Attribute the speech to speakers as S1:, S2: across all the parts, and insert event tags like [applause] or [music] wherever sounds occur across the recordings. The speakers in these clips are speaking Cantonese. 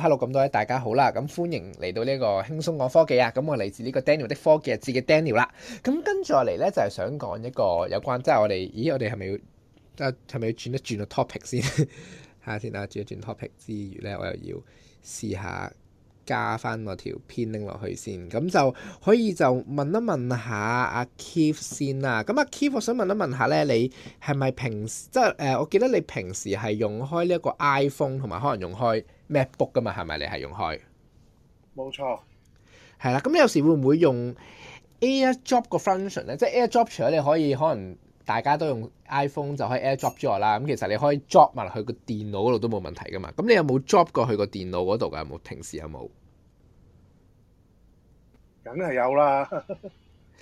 S1: Hello 咁多位，大家好啦，咁歡迎嚟到呢、這個輕鬆講科技啊，咁、嗯、我嚟自呢個 Daniel 的科技日誌嘅 Daniel 啦，咁、嗯、跟住落嚟咧就係、是、想講一個有關，即係我哋，咦，我哋係咪要，啊，係咪要轉一轉個 topic 先下先啊，轉 [laughs] 一轉 topic 之餘咧，我又要試下。加翻我條片拎落去先，咁就可以就問一問一下阿、啊、Keith 先啦。咁、啊、阿 Keith，我想問一問一下咧，你係咪平即係誒、呃？我記得你平時係用開呢一個 iPhone 同埋可能用開 MacBook 噶嘛，係咪你係用開？
S2: 冇錯。
S1: 係啦，咁你有時會唔會用 AirDrop 個 function 咧？即係 AirDrop，除咗你可以可能大家都用 iPhone 就可以 AirDrop 之外啦。咁其實你可以 drop 埋落去個電腦嗰度都冇問題噶嘛。咁你有冇 drop 過去個電腦嗰度噶？有冇平時有冇？
S2: 梗係
S1: 有啦，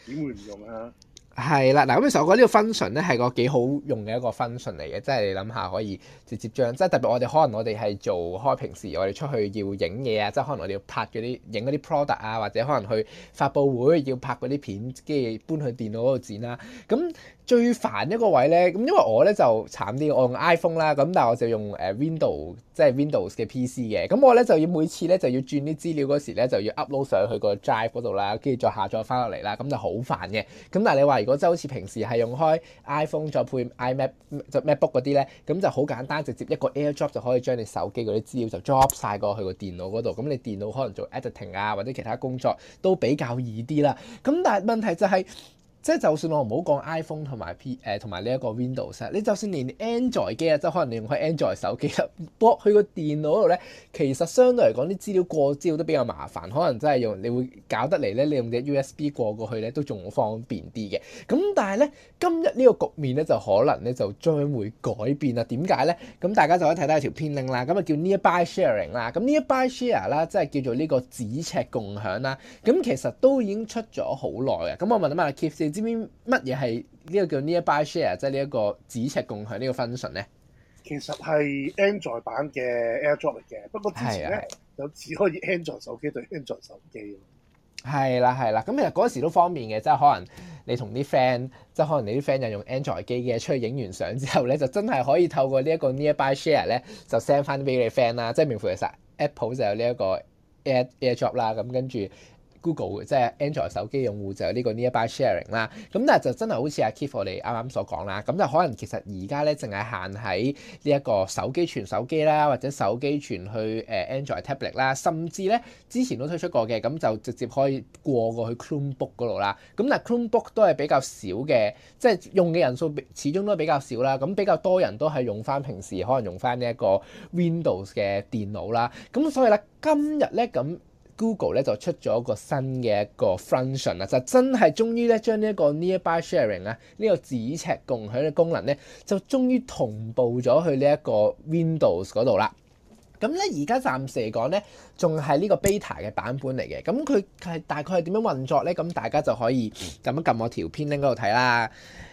S1: 點 [laughs] 會唔用啊？係啦，嗱咁其實我覺得呢個 function 咧係個幾好用嘅一個 function 嚟嘅，即係你諗下可以直接將，即係特別我哋可能我哋係做開平時我哋出去要影嘢啊，即係可能我哋要拍嗰啲影嗰啲 product 啊，或者可能去發布會要拍嗰啲片，跟住搬去電腦嗰度剪啦，咁。最煩一個位咧，咁因為我咧就慘啲，我用 iPhone 啦，咁但係我就用誒 Wind Windows，即係 Windows 嘅 PC 嘅，咁我咧就要每次咧就要轉啲資料嗰時咧就要 upload 上去個 drive 嗰度啦，跟住再下載翻落嚟啦，咁就好煩嘅。咁但係你話如果真係好似平時係用開 iPhone 再配 iMac Mac 就 MacBook 嗰啲咧，咁就好簡單，直接一個 AirDrop 就可以將你手機嗰啲資料就 drop 晒過去個電腦嗰度，咁你電腦可能做 editing 啊或者其他工作都比較易啲啦。咁但係問題就係，是。即係就算我唔好講 iPhone 同埋 P 誒同埋呢一個 Windows 你就算連 Android 機啊，即係可能你用開 Android 手機入播去個電腦度咧，其實相對嚟講啲資料過招都比較麻煩，可能真係用你會搞得嚟咧，你用隻 USB 過過去咧都仲方便啲嘅。咁但係咧，今日呢個局面咧就可能咧就將會改變啦。點解咧？咁大家就可以睇到一條編令啦。咁啊叫 Nearby Sharing 啦。咁 Nearby Share 啦，即係叫做呢個咫尺共享啦。咁其實都已經出咗好耐嘅。咁我問下啊 k i p s 知唔知乜嘢係呢個叫 Nearby Share，即係呢一個咫尺共享個呢個 function 咧？
S2: 其實係 Android 版嘅 AirDrop 嚟嘅，不過之前咧就只可以 Android 手機對 Android 手機
S1: 咯。係啦係啦，咁其實嗰陣時都方便嘅，即係可能你同啲 friend，即係可能你啲 friend 又用 Android 機嘅，出去影完相之後咧，就真係可以透過呢一個 Nearby Share 咧，就 send 翻俾你 friend 啦。即係明乎其實，Apple 就有呢一個 Air AirDrop 啦，咁跟住。Google 即係 Android 手機用戶就有呢個 Nearby Sharing 啦，咁但係就真係好似阿 Kip 你啱啱所講啦，咁就可能其實而家咧淨係限喺呢一個手機傳手機啦，或者手機傳去誒、呃、Android tablet 啦，甚至咧之前都推出過嘅，咁就直接可以過過去 Chromebook 度啦。咁但係 Chromebook 都係比較少嘅，即係用嘅人數始終都比較少啦。咁比較多人都係用翻平時可能用翻呢一個 Windows 嘅電腦啦。咁所以啦，今日咧咁。Google 咧就出咗一個新嘅一個 function 啦，就真係終於咧將呢一個 nearby sharing 咧呢個咫尺共享嘅功能咧就終於同步咗去呢一個 Windows 嗰度啦。咁咧而家暫時嚟講咧仲係呢個 beta 嘅版本嚟嘅。咁佢係大概係點樣運作咧？咁大家就可以撳一撳我條片拎嗰度睇啦。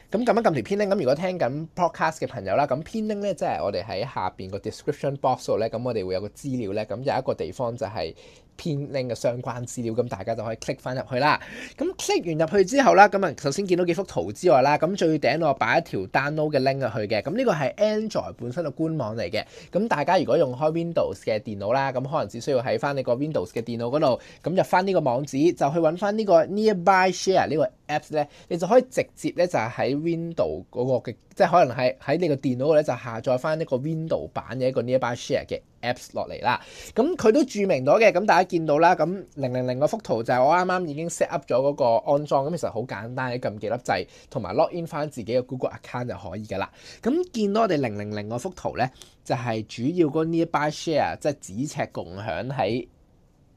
S1: 咁撳一撳條片拎咁，如果聽緊 podcast 嘅朋友啦，咁片拎咧即係我哋喺下邊個 description box 度咧，咁我哋會有個資料咧，咁有一個地方就係，pinned link 嘅相關資料，咁大家就可以 click 翻入去啦。咁 click 完入去之後啦，咁啊首先見到幾幅圖之外啦，咁最頂我擺一條 download 嘅 link 入去嘅。咁呢個係 Android 本身嘅官網嚟嘅。咁大家如果用開 Windows 嘅電腦啦，咁可能只需要喺翻你個 Windows 嘅電腦嗰度，咁入翻呢個網址就去揾翻呢個 Nearby Share 呢個 apps 咧，你就可以直接咧就喺 Window 嗰個嘅，即係可能係喺你個電腦咧就下載翻一個 Window 版嘅一個 Nearby Share 嘅。Apps 落嚟啦，咁佢都注明咗嘅，咁大家見到啦，咁零零零嗰幅圖就係我啱啱已經 set up 咗嗰個安裝，咁其實好簡單，你撳幾粒掣，同埋 log in 翻自己嘅 Google account 就可以噶啦。咁見到我哋零零零嗰幅圖咧，就係主要嗰 nearby share，即係紙尺共享喺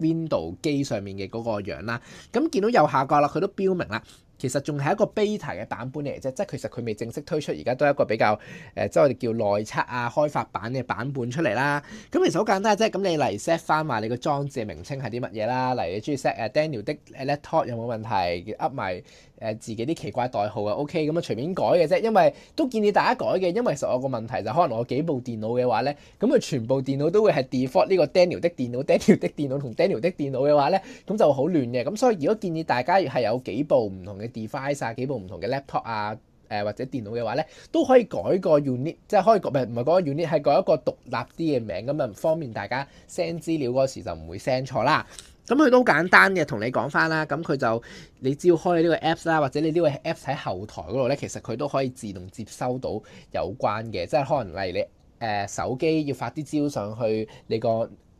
S1: Windows 機上面嘅嗰個樣啦。咁見到右下角啦，佢都標明啦。其實仲係一個 beta 嘅版本嚟啫，即係其實佢未正式推出，而家都係一個比較誒，即、呃、係、就是、我哋叫內測啊、開發版嘅版本出嚟啦。咁其實好簡單啫，咁你嚟 set 翻埋你個裝置嘅名稱係啲乜嘢啦？嚟你中意 set 誒 Daniel 的誒 Laptop 有冇問題？up 埋。誒自己啲奇怪代號啊，OK 咁啊，隨便改嘅啫。因為都建議大家改嘅，因為其實我個問題就可能我幾部電腦嘅話咧，咁佢全部電腦都會係 default 呢個 Daniel 的電腦、Daniel 的電腦同 Daniel 的電腦嘅話咧，咁就好亂嘅。咁所以如果建議大家係有幾部唔同嘅 device 啊，幾部唔同嘅 laptop 啊，誒或者電腦嘅話咧，都可以改個 unit，即係可以唔係唔係講 unit，係改一個獨立啲嘅名咁啊，方便大家 send 資料嗰時就唔會 send 錯啦。咁佢都好簡單嘅，同你講翻啦。咁佢就你只要開呢個 apps 啦，或者你呢個 apps 喺後台嗰度咧，其實佢都可以自動接收到有關嘅。即係可能例如你誒、呃、手機要發啲資料上去你個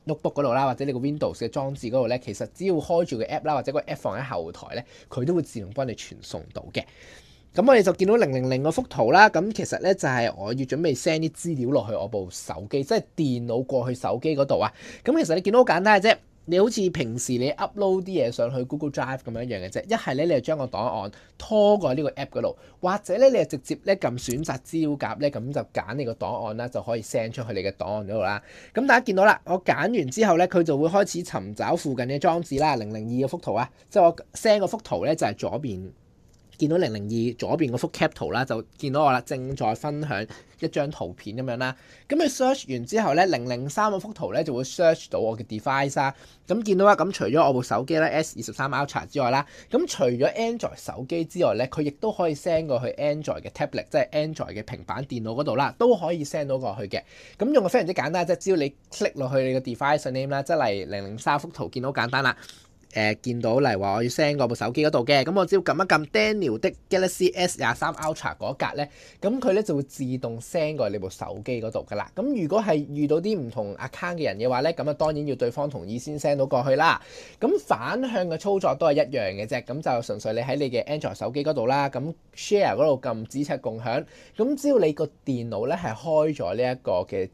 S1: notebook 嗰度啦，或者你個 Windows 嘅裝置嗰度咧，其實只要開住個 app 啦，或者個 app 放喺後台咧，佢都會自動幫你傳送到嘅。咁我哋就見到零零零嗰幅圖啦。咁其實咧就係我要準備 send 啲資料落去我部手機，即係電腦過去手機嗰度啊。咁其實你見到好簡單嘅啫。你好似平時你 upload 啲嘢上去 Google Drive 咁樣一樣嘅啫，一係咧你就將個檔案拖過呢個 app 嗰度，或者咧你就直接咧撳選擇資料夾咧，咁就揀你個檔案啦，就可以 send 出去你嘅檔案嗰度啦。咁大家見到啦，我揀完之後咧，佢就會開始尋找附近嘅裝置啦。零零二嗰幅圖啊，即係我 send 嗰幅圖咧，就係左邊。見到零零二左邊嗰幅 cap 圖啦，就見到我啦，正在分享一張圖片咁樣啦。咁佢 search 完之後咧，零零三幅圖咧就會 search 到我嘅 device 啦。咁見到啦，咁除咗我部手機咧 S 二十三 Ultra 之外啦，咁除咗 Android 手機之外咧，佢亦都可以 send 過去 Android 嘅 tablet，即係 Android 嘅平板電腦嗰度啦，都可以 send 到過去嘅。咁用個非常之簡單啫，只要你 click 落去你嘅 device name 啦，即係嚟零零三幅圖，見到簡單啦。誒、呃、見到例如話我要 send 過部手機嗰度嘅，咁我只要撳一撳 Daniel 的 Galaxy S 廿三 Ultra 嗰格咧，咁佢咧就會自動 send 過你部手機嗰度噶啦。咁如果係遇到啲唔同 account 嘅人嘅話咧，咁啊當然要對方同意先 send 到過去啦。咁反向嘅操作都係一樣嘅啫，咁就純粹你喺你嘅 Android 手機嗰度啦，咁 Share 嗰度撳指出共享，咁只要你個電腦咧係開咗呢一個嘅。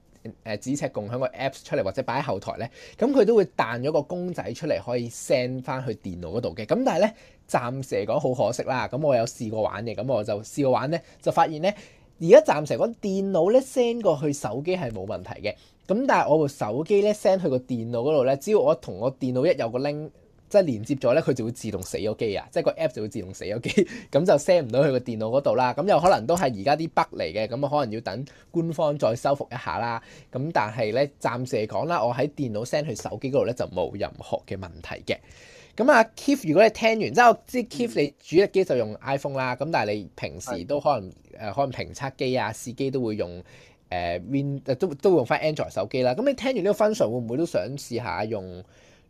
S1: 誒紙尺共享個 Apps 出嚟或者擺喺後台咧，咁佢都會彈咗個公仔出嚟，可以 send 翻去電腦嗰度嘅。咁但係咧，暫時嚟講好可惜啦。咁我有試過玩嘅，咁我就試過玩咧，就發現咧而家暫時嚟講電腦咧 send 過去手機係冇問題嘅。咁但係我部手機咧 send 去個電腦嗰度咧，只要我同我電腦一有個 link。即係連接咗咧，佢就會自動死咗機啊！即係個 app 就會自動死咗機，咁 [laughs] 就 send 唔到去個電腦嗰度啦。咁又可能都係而家啲 bug 嚟嘅，咁可能要等官方再修復一下啦。咁但係咧，暫時嚟講啦，我喺電腦 send 去手機嗰度咧就冇任何嘅問題嘅。咁啊，Kiff 如果你聽完之後，即知 Kiff 你主力機就用 iPhone 啦，咁但係你平時都可能誒、嗯呃，可能評測機啊、試機都會用誒面、呃、都都用翻 Android 手機啦。咁你聽完呢個 function 會唔會都想試下用？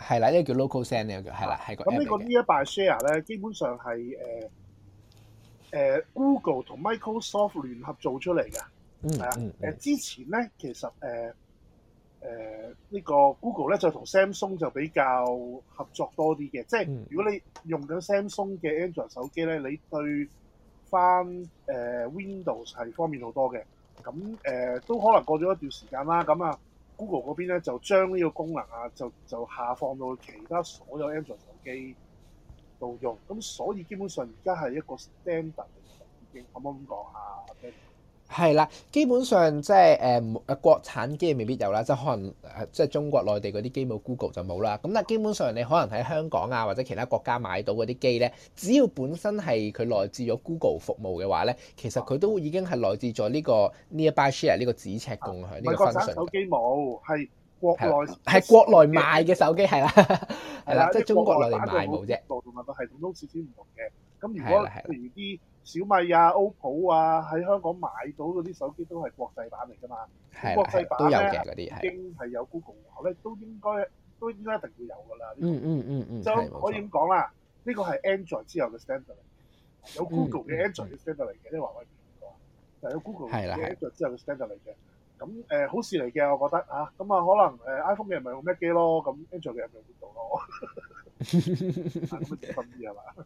S1: 係啦，呢、這個叫 Local Send、嗯，呢個叫係啦，係、嗯、個。咁呢個
S2: 呢 Nearby Share 咧，基本上係誒誒 Google 同 Microsoft 聯合做出嚟嘅，係啊。誒之前咧，其實誒誒呢個 Google 咧就同 Samsung 就比較合作多啲嘅。即係如果你用緊 Samsung 嘅 Android 手機咧，你對翻誒 Windows 係方便好多嘅。咁誒、呃、都可能過咗一段時間啦，咁啊。Google 嗰邊咧就將呢個功能啊，就就下放到其他所有 Android 手機度用，咁所以基本上而家係一個 standard，嚟嘅已經可唔可以咁講下？
S1: 係啦，基本上即係誒國產機未必有啦，即係可能即係、就是、中國內地嗰啲機冇 Google 就冇啦。咁、嗯、但係基本上你可能喺香港啊或者其他國家買到嗰啲機咧，只要本身係佢內置咗 Google 服務嘅話咧，其實佢都已經係內置咗呢個 Nearby Share 呢個咫尺共享呢個身、啊。唔、啊啊、手機
S2: 冇，係國內係國
S1: 內賣嘅手機係啦，
S2: 係 [laughs] 啦， [laughs] 即、就、係、是、中國內地賣冇啫。個同埋個系統都少少唔同嘅。咁如果譬如啲小米啊、OPPO 啊，喺香港買到嗰啲手機都係國際版嚟㗎嘛，國際版咧已經係有 Google，咧都應該都應該一定會有㗎啦。嗯嗯嗯嗯，就可以咁講啦，呢個係 Android 之後嘅 standard，嚟。有 Google 嘅 Android 嘅 standard 嚟嘅呢，華為唔同就有 Google 嘅 Android 之後嘅 standard 嚟嘅。咁誒好事嚟嘅，我覺得啊，咁啊可能誒 iPhone 嘅人咪用 Mac 機咯，咁 Android 嘅人用呢度咯，咁嘅深意係嘛？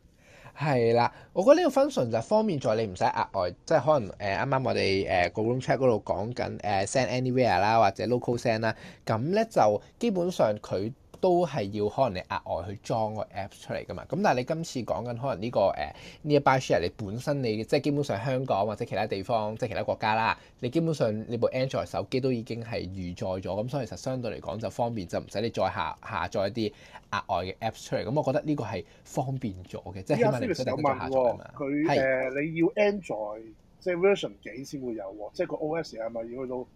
S1: 係啦，我覺得呢個 function 就方便在你唔使額外，即係可能誒啱啱我哋誒個 room chat 嗰度講緊誒 send anywhere 啦，或者 local send 啦，咁咧就基本上佢，都係要可能你額外去裝個 app 出嚟㗎嘛。咁但係你今次講緊可能呢、這個誒呢、呃、Nearby Share，你本身你即係基本上香港或者其他地方即係其他國家啦，你基本上你部 Android 手機都已經係預載咗咁，所以其實相對嚟講就方便，就唔使你再下下載一啲額外嘅 app 出嚟。咁我覺得呢個係方便咗嘅，即係在起碼你真係唔使下載。
S2: 佢誒你要 Android 即係 version 幾先會有即係個 OS 係咪要去到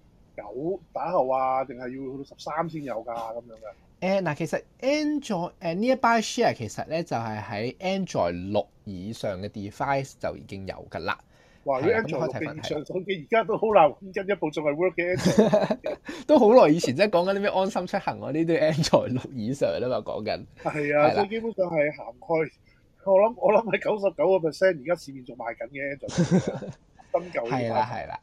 S2: 九打後啊？定係要去到十三先有㗎咁、啊、樣嘅？
S1: 誒嗱、嗯，其實 Android 誒、啊、nearby share 其實咧就係、是、喺 Android 六以上嘅 device 就已經有㗎啦。
S2: 哇了！Android 六以上手機而家都好難跟，而一部仲係 work 嘅 Android
S1: 都好耐以前即係講緊啲咩安心出行啊，呢啲 Android 六以上啦嘛講緊。係 [laughs] 啊，最基
S2: 本上係行開。我諗我諗係九十九個 percent 而家市面仲賣緊嘅 Android 新舊。係啦，係啦。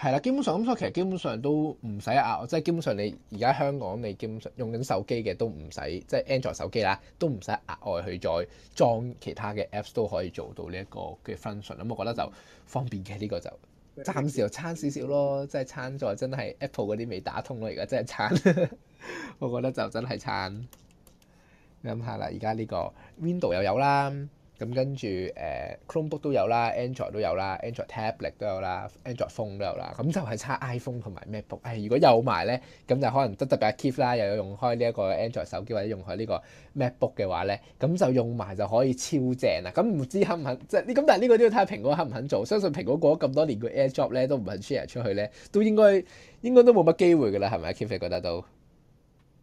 S1: 係啦，基本上咁所以其實基本上都唔使額，即係基本上你而家香港你基本上用緊手機嘅都唔使，即係 Android 手機啦，都唔使額外去再裝其他嘅 Apps 都可以做到呢一個嘅 function。咁、嗯、我覺得就方便嘅呢、呢個就暫時又差少少咯，即係差在真係 Apple 嗰啲未打通咯，而家真係差， [laughs] 我覺得就真係差，你諗下啦，而家呢個 Window 又有啦。咁跟住誒、呃、Chromebook 都有啦，Android 都有啦，Android tablet 都有啦，Android phone 都有啦，咁就係差 iPhone 同埋 MacBook。如果有埋咧，咁就可能得得別阿 Kip 啦，又有用開呢一個 Android 手機或者用開個呢個 MacBook 嘅話咧，咁就用埋就可以超正啦。咁唔知肯唔肯即係呢？咁但係、這、呢個都要睇下蘋果肯唔肯做。相信蘋果過咗咁多年個 AirDrop 咧，都唔肯 share 出去咧，都應該應該都冇乜機會㗎啦，係咪阿 Kip 你覺得都？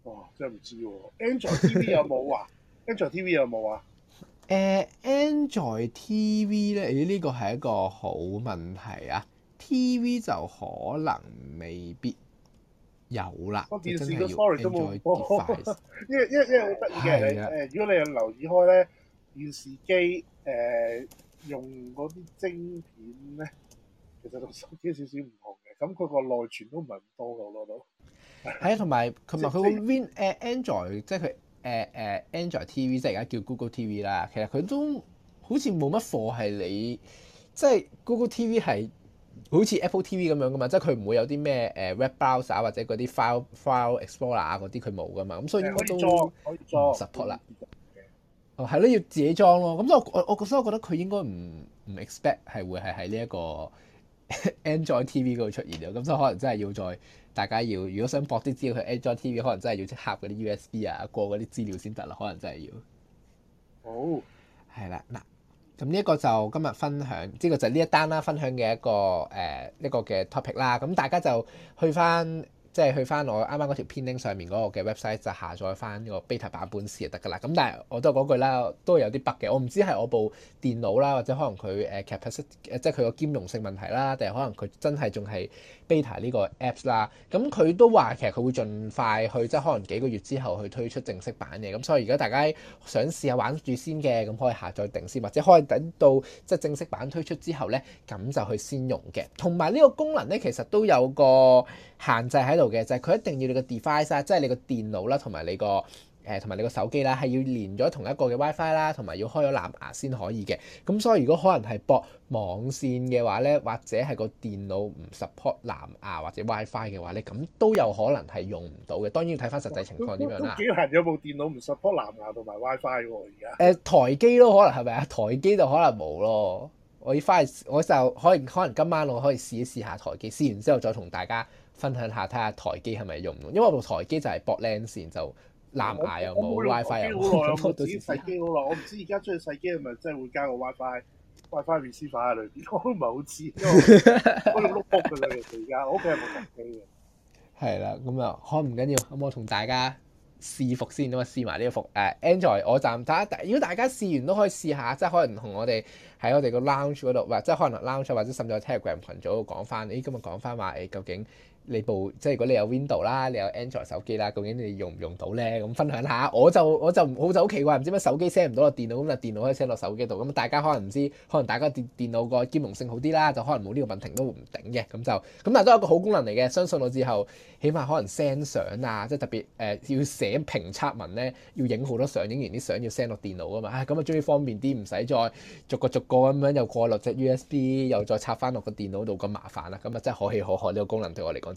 S1: 哦，真係唔知喎 [laughs] ，Android TV 有冇啊？Android
S2: TV 有冇啊？
S1: 誒、uh, Android TV 咧，誒呢個係一個好問題啊！TV 就可能未必有啦。我、啊、電視都 sorry 都冇播 device [laughs] 因，
S2: 因為因為因為好得意嘅你、呃、如果你有留意開咧電視機誒、呃，用嗰啲晶片咧，其實手機有點點同手機少少唔同嘅，咁佢個內存都唔係咁多嘅咯都。
S1: 係 [laughs] 啊，同埋同埋佢個 Win 誒、uh, Android，即係佢。誒誒、uh, Android TV 即係而家叫 Google TV 啦，其實佢都好似冇乜貨係你，即係 Google TV 係好似 Apple TV 咁樣㗎嘛，即係佢唔會有啲咩誒 Web Browser 或者嗰啲 File File Explorer，嗰啲佢冇㗎嘛，咁所以應該都 support 啦。哦，係咯，要自己裝咯。咁我我我所以我覺得佢應該唔唔 expect 係會係喺呢一個。Android TV 嗰度出現咗，咁所以可能真係要再大家要，如果想博啲資料去 Android TV，可能真係要插嗰啲 USB 啊，過嗰啲資料先得啦，可能真係要。好，oh，係啦，嗱，咁呢一個就今日分享，呢，這個就呢一單啦，分享嘅一個誒、呃、一個嘅 topic 啦，咁大家就去翻。即係去翻我啱啱嗰條 pinned link 上面嗰個嘅 website 就下載翻呢個 beta 版本，試就得㗎啦。咁但係我都係嗰句啦，都有啲 bug 嘅。我唔知係我部電腦啦，或者可能佢誒即係佢個兼容性問題啦，定係可能佢真係仲係 beta 呢個 apps 啦、啊。咁、嗯、佢都話其實佢會盡快去，即係可能幾個月之後去推出正式版嘅。咁、嗯、所以如果大家想試下玩住先嘅，咁可以下載定先，或者可以等到即係正式版推出之後咧，咁就去先用嘅。同埋呢個功能咧，其實都有個限制喺度。嘅就係佢一定要你個 device 啊，即、呃、係你個電腦啦，同埋你個誒同埋你個手機啦，係要連咗同一個嘅 WiFi 啦，同埋要開咗藍牙先可以嘅。咁所以如果可能係駁網線嘅話咧，或者係個電腦唔 support 藍牙或者 WiFi 嘅話咧，咁都有可能係用唔到嘅。當然要睇翻實際情況點樣啦。都幾
S2: 難有部電腦唔 support 藍牙同
S1: 埋 WiFi 喎，而家誒台機咯，可能係咪啊？台機就可能冇咯。我要翻去我就可能可能今晚我可以試一試下台機，試完之後再同大家分享下睇下台機係咪用咯，因為我部台機就係博 LAN 線就
S2: 藍牙又冇 WiFi 又，我唔知細機好耐，我唔知而家將要細機係咪真係會加個 WiFi WiFi 變 WiFi 啊類唔係好知，因為我碌碌嘅啦而家，我屋
S1: 企係冇台機嘅。係啦，咁啊，唔緊要，咁我同大家試服先咁嘛，試埋呢個服。誒，uh，Android 我暫睇，如果大家試完都可以試下，即係可能同我哋喺我哋個 lounge 嗰度，或者即可能 lounge 或者甚至 Telegram 群組講翻。咦，今日講翻話，誒究竟？你部即係如果你有 Window 啦，你有 Android 手機啦，究竟你用唔用到咧？咁分享下，我就我就好就好奇怪，唔知乜手機 send 唔到落電腦，咁就電腦可以 send 落手機度。咁大家可能唔知，可能大家電電腦個兼容性好啲啦，就可能冇呢個問題都唔頂嘅。咁就咁，但都係一個好功能嚟嘅。相信我之後，起碼可能 send 相啊，即係特別誒、呃、要寫評測文咧，要影好多相，影完啲相要 send 落電腦啊嘛。咁啊終於方便啲，唔使再逐個逐個咁樣又過落隻 USB，又再插翻落個電腦度咁麻煩啦、啊。咁啊真係可喜可賀呢、呢個功能對我嚟講。